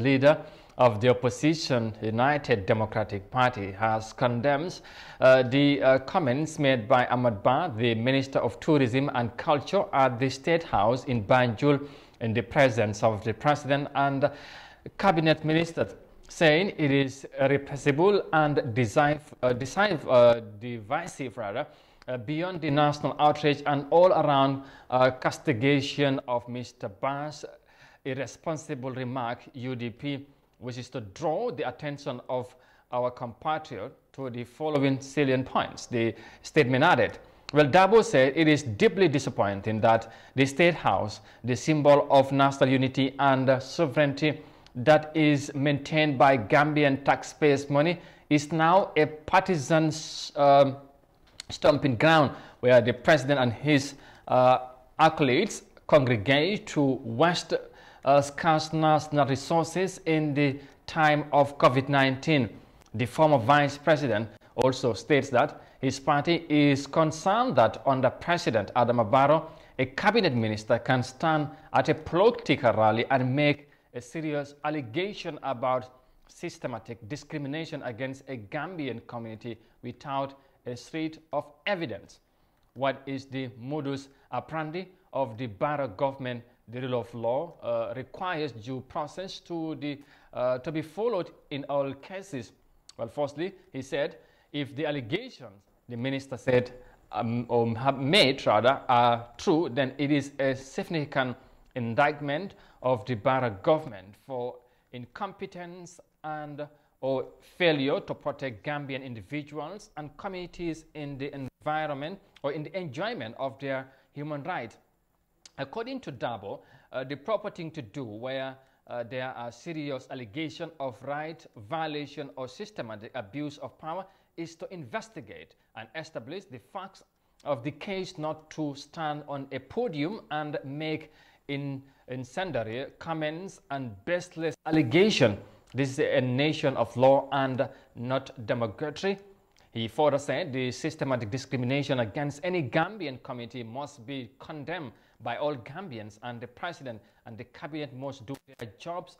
leader of the opposition United Democratic Party has condemned uh, the uh, comments made by Ahmad Ba, the Minister of Tourism and Culture at the State House in Banjul in the presence of the President and Cabinet Ministers, saying it is repressible and uh, uh, divisive rather, uh, beyond the national outrage and all-around uh, castigation of Mr. Ba's a responsible remark, UDP, which is to draw the attention of our compatriot to the following salient points. The statement added, well, Dabo said it is deeply disappointing that the State House, the symbol of national unity and sovereignty that is maintained by Gambian taxpayers' money, is now a partisan um, stomping ground where the president and his uh, accolades congregate to waste." scarce national resources in the time of COVID-19. The former vice president also states that his party is concerned that under President Adam Barrow, a cabinet minister can stand at a political rally and make a serious allegation about systematic discrimination against a Gambian community without a street of evidence. What is the modus operandi of the Barrow government the rule of law uh, requires due process to, the, uh, to be followed in all cases. Well, firstly, he said, if the allegations the minister said um, or made rather are true, then it is a significant indictment of the Barak government for incompetence and or failure to protect Gambian individuals and communities in the environment or in the enjoyment of their human rights. According to Dabo, uh, the proper thing to do where uh, there are serious allegations of right violation or systematic abuse of power is to investigate and establish the facts of the case not to stand on a podium and make in incendiary comments and baseless allegations. This is a nation of law and not democracy. He further said the systematic discrimination against any Gambian community must be condemned by all Gambians, and the president and the cabinet must do their jobs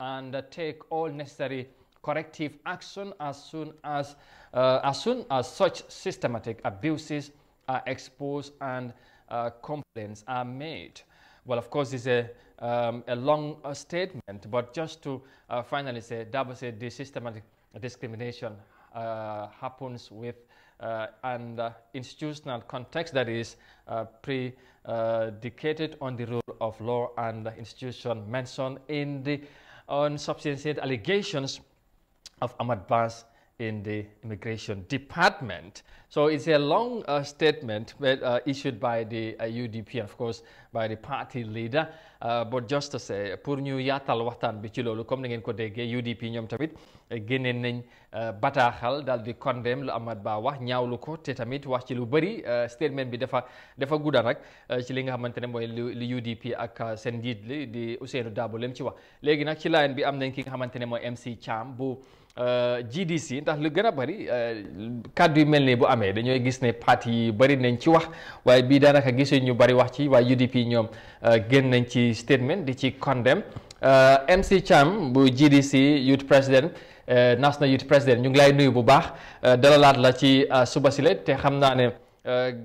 and, and take all necessary corrective action as soon as, uh, as soon as such systematic abuses are exposed and uh, complaints are made. Well, of course, it's a, um, a long uh, statement, but just to uh, finally say, double said the systematic discrimination uh, happens with uh, an uh, institutional context that is predicated on the rule of law and institution mentioned in the unsubstantiated allegations of Ahmad Bas in the Immigration Department. So it's a long uh, statement but, uh, issued by the uh, UDP, of course, by the party leader. Uh, but just to say, pour ñu yaatal waxtaan bi ci loolu comme ni ngeen ko déggee UDP ñoom tamit eh, génneen nañ eh, bataaxal daal di condemn lu Amat Bah wax ñaawlu ko te tamit wax ci lu bëri eh, statement bi dafa dafa gudda nag ci li nga xamante ne mooy li UDP ak seen njiit li di Ousseynou Dabo lem ci wax léegi nag ci line bi am nañ ki nga xamante ne mooy MC Cham bu. Euh, GDC ndax lu gën a bëri euh, kàddu yu mel nii bu amee dañooy gis ne parti yi bëri nañ ci wax waaye bii daanaka gisuñ ñu bëri wax ci waaye UDP ñoom euh, génn nañ ci statement di ci condemn MC Cham bu GDC youth president national youth president ñu ngi lay nuyu bu baax dalalaat la ci suba si te xam naa ne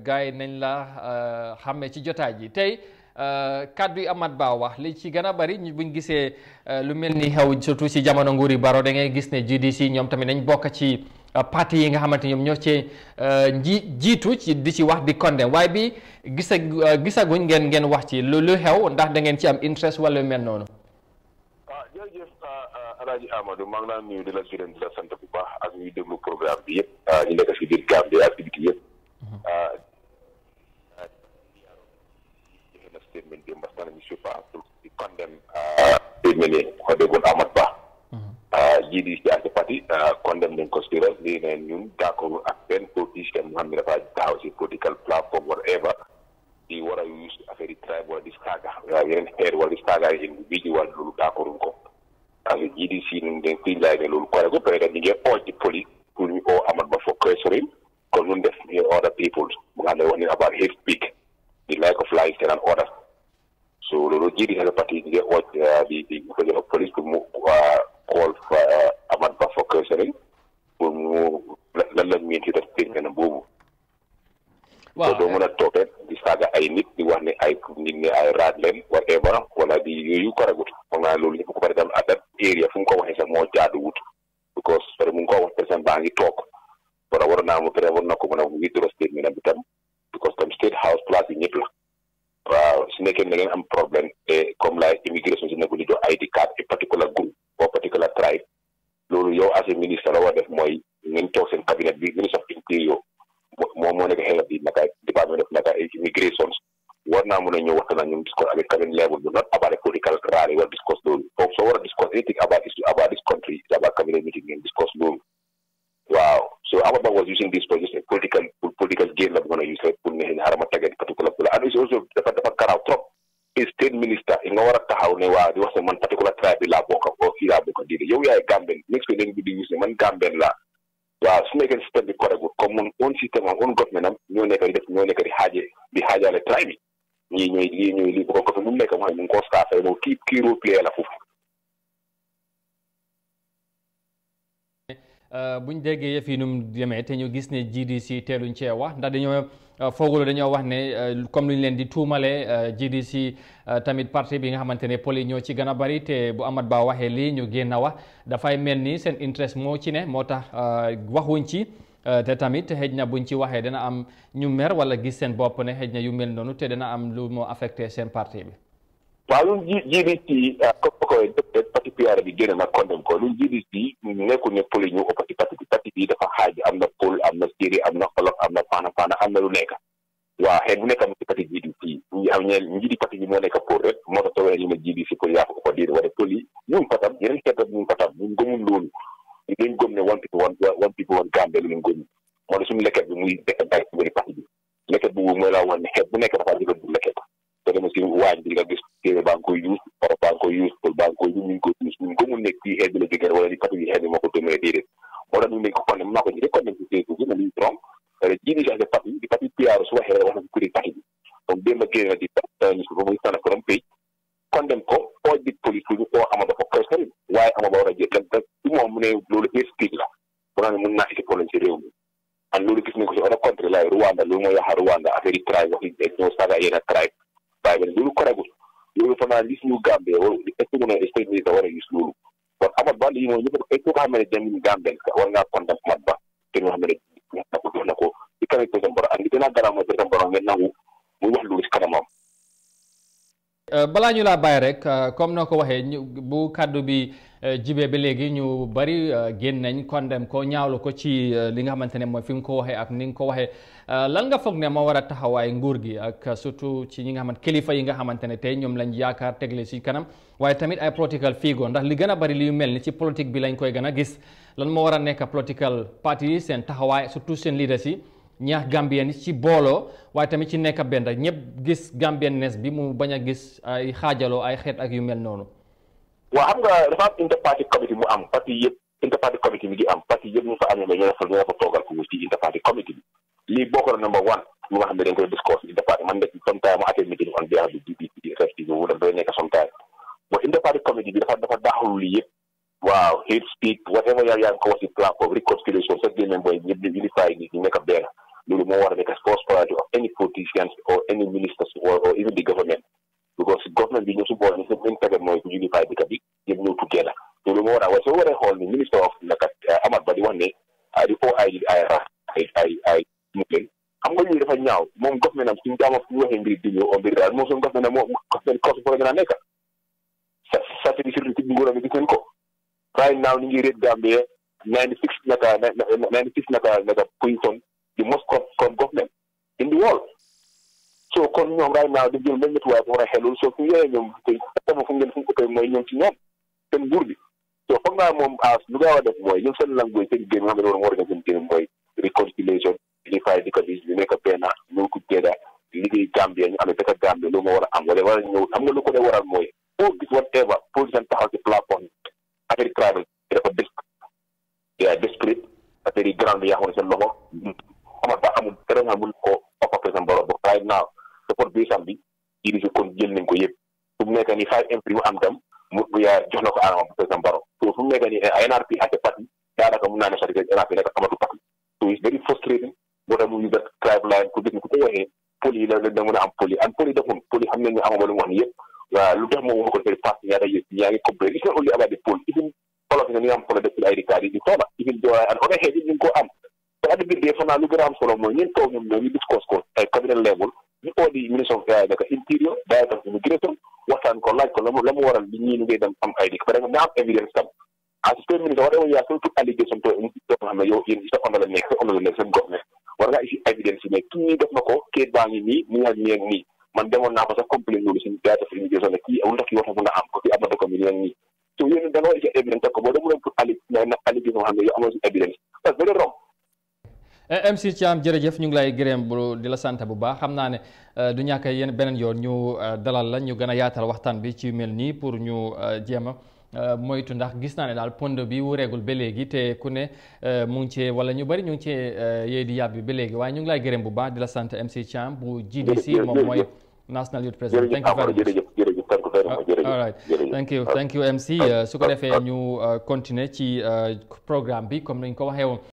gars yi nañ la xàmmee ci jotaay ji tey. Eh, kaddu yi Amat Ba wax li ci gën a bari buñ gisee eh, lu mel xew surtout si jamono nguuri Baro da ngay gis ne GDC ñoom tamit nañ bokk ci eh, parti yi nga xamante ñoom ñoo cee nji ci di ci wax di condemn waaye bi gisa gisaguñ ngeen ngeen wax ci lu lu xew ndax da ngeen ci am interest wala lu mel noonu. jërëjëf ah, ah, ah, Alaaji Amadou maa ngi laa nuyu di la gërëm di la sant bu baax ak ñuy déglu programme bi yëpp ñu nekk si biir Gambie ak biti yëpp. Mhm. statement they must not issue for to be condemned uh statement for the good Ahmad Ba. a mhm. ji euh, di as a party uh condemned them conspiracy and you tackle at then politics and one house political platform whatever the what I use as a tribe or this saga. We are getting head what this saga is individual Lulu Dakorunko. ko a GDC then feel like the Lulu Korego, but they get all the police so loro jiri hela pati nge wajja di di kuje ko police ko mu wa call fa amad ba fo kesere ko mu lalla mi ti def tengen bobu waaw do mën a toog rek di saaga ay nit di wax ne ay nit ne ay raat leen whatever wala di yooyu karagut foog naa loolu ñëpp ko bari tam adat area fu mu ko waxee sax moo jaadu wut because pare mu ngi ko wax personne baa ngi toog bara war naa mu pare war na ko mën a withdraw statement am bi tam because tam state house place yi ñëpp la waaw uh, su nekkee da ngeen am problème et comme la immigration si nekku di ID card et particular groupe ou particular tribe loolu yow as a ministre la war def mooy ngeen toog seen cabinet bi ministre of interior moom moo nekk xelal bi naka département def naka immigrations war naa mun a ñëw waxtaan ak ñun discuss avec cabinet level bi not about the political rally war discuss loolu foofu soo war a discuss anything about this about this country about cabinet meeting ngeen discuss loolu waaw so Ababacar was using this for yow yaay Gamben next week dañu guddi gis ne man Gamben laa waaw su nekkee système bi correct comme mun on système am on government am ñoo nekk def ñoo nekk di xaaje di xaajaale try bi ñii ñooy lii ñooy lii bu ko gofe mu nekk mu xam mu ngi ko staffé moom kii kii role la foofu euh, buñ déggee yëf yi nu demee te ñu gis ne GDC teeluñ cee wax ndax dañoo Euh, foogule dañoo wax ne euh, comme lu ñu leen di tuumale euh, GDC tamit parti bi nga xamante ne poli ñoo ci gën a bari te bu Amat Bah waxee lii ñu génn wax dafay mel ni seen interest moo ci ne moo tax waxuñ ci te tamit xëj na buñ ci waxee dana am ñu mer wala gis seen bopp ne xëj na yu mel noonu te dana am lu moo affecté seen parti bi. NPR bi génn na condamné ko lu GDC ñu nekkul ne pôles yi ñoo ëpp ci parti bi parti bi dafa xaaj am na pôle am na séeréer am na xolof am na faana faana am na lu nekk waaw xeet bu nekk am ci parti GDC ñu am ñeen njiiti parti bi moo rek moo tax tawee ñu ma GDC pôle yaa ko ëpp diir wala pôle yi ñun patam yeneen xeetam ñun patam ñun gëmul loolu ñu dañ ne one people one one people one Gambia lu ñu gëm moo tax suñu lekket bi muy dekk bay ci bëri parti bi lekket bu mooy laa woon ne xeet bu nekk ministre ba muy tànn borom pays condamné ko oo dig police bu ñu koo Amadou Ba koy sori waaye Amadou Ba war a jël rek rek ci moom mu ne loolu explique la bu naan mën naa indi problème ci réew mi an loolu gis nañ ko ci au contraire laay Rwanda loolu mooy yaxa Rwanda affaire yi tribe wax dëgg ñoo saaga yéen a tribe waaye nag loolu koragut loolu fa naa gis ñu Gambie war est ce que mën a est ce que war a gis loolu kon Amadou Ba lii mooy ñëpp est ce que nga xam ne jàngiñ Gambien ka war ngaa condamné Amadou Ba te ñoo xam ne ne na ko jox na ko ci kanam président Barrow ak li gën a garaaw mooy président Barrow ngeen nangu muy wax loolu ci kanamam Euh, balaa ñu laa bàyyi rek euh, comme noo ko waxee bu kàddu bi euh, jibee ba léegi ñu bari génn nañ dem ko ñaawlu ko ci li nga xamante ne mooy fi mu ko waxee ak ni nga ko waxee lan nga foog ne moo war a taxawaay nguur gi ak surtout ci ñi nga xamante kilifa yi nga xamante ne tey ñoom lañ yaakaar tegle si kanam waaye tamit ay political figo ndax li gën a bari li mel ni ci politique bi lañ koy gën a gis lan moo war a nekk political party seen taxawaay surtout seen leaders yi ñaax Gambien ci bolo way tamit ci nekk benn ñëpp gis nes bi mu baña gis ay xajalo ay xet ak yu mel nonu wa xam nga dafa am committee mu am parti yëpp interparty committee mi di am parti yëpp mu fa amé ñu fa fa ko ci interparty committee bi li number one mu wax ni dañ koy discourse interparty man comme sometime mu attend meeting on behalf du DPRFDP mu dem day nekk sometime mooy interparty committee bi dafa dafa daaxul li yëpp. waaw hate speech whatever yaa yaa ko wax platform reconciliation sa their cost for gën sa nekk satisfactory nguuram bi gis nañ ko right now ñu ngi rate Gambia ninety six naka ninety six naka naka position the most corrupt government in the world so kon ñoom right now di jël même métuwaay a xelul soo fu yore ñoom koy sama fu ngeen fu ko koy mooy ñoom ci ñoom seen nguur bi so foog naa moom as lu gaaw a def mooy ñoom seen langue seen génn nga xam ne war war nga seen génn mooy reconciliation unify di ko di nekk benn ñoo ko loolu moo war a am wala war a ñëw xam nga lu ko dee waral mooy foo gis whatever position taxaw ci plafond affaire travel yaa desprit affaire yi grand bi yaa xam ne seen loxo xamal ba xamul très bien ko papa président Barrow ba right now bi sam bi iri si kon jël yaa jox na ko Adama bu président Barrow so fu mu nekk nii eh, NRP ak parti daanaka mun naa ne sax NRP nekk amatu parti so it's very frustrating moo tax mu use that tribal line ku gis waxee pôles yi la da mën a am pôles yi ak pôles yi defoon pôles yi xam nañ ne amama lu mu wax ni yëpp waaw lu tax moom wax ko tey parti ñaata yëpp ñaa ngi coupé gis nga au lieu avoir des pôles even polo fi ne ni nga am polo def ay ricard yi di toola even doowaay an one xeet yi ñu ngi ko am te addi bi dee fanaa lu gën a am solo mooy ñeen toog ñoom ñoom ñu discuss ko ay cabinet level ñu oo di ministre of naka interior daay tax ñu gën a tëm waxtaan ko laaj ko la mu la mu waral bi ñii ñu ngay dem am ay dik ba nga am évidence tam as premier ministre war a yaa surtout allégation to xam ne yow yéen si sa onda la nekk sa onda la nekk seen government war ngaa isi évidence yi ne nii def na ko kayit baa ngi nii nii man demoon naa ko sax compléter loolu ko kii si évidence parce que rom eh, MC Thiam jërëjëf ñu ngi lay gërëm bu di la sant bu baax xam naa ne eh, du ñàkk yéen beneen yoon ñu eh, dalal la ñu gën a yaatal waxtaan bi ci mel nii pour ñu jéem Euh, moytu ndax gis naa ne daal pond bi wureegul ba léegi te ku ne euh, mu ngi ci wala ñu bari ñu ngi ci euh, yéy di yàbbi ba léegi waaye ñu ngi lay gërëm bu baax di la sant MC Cham bu GDC moom mooy National Youth President thank you very much ah, all right thank you thank you MC su ko defee ñu continuer ci programme bi comme nañ ko waxee woon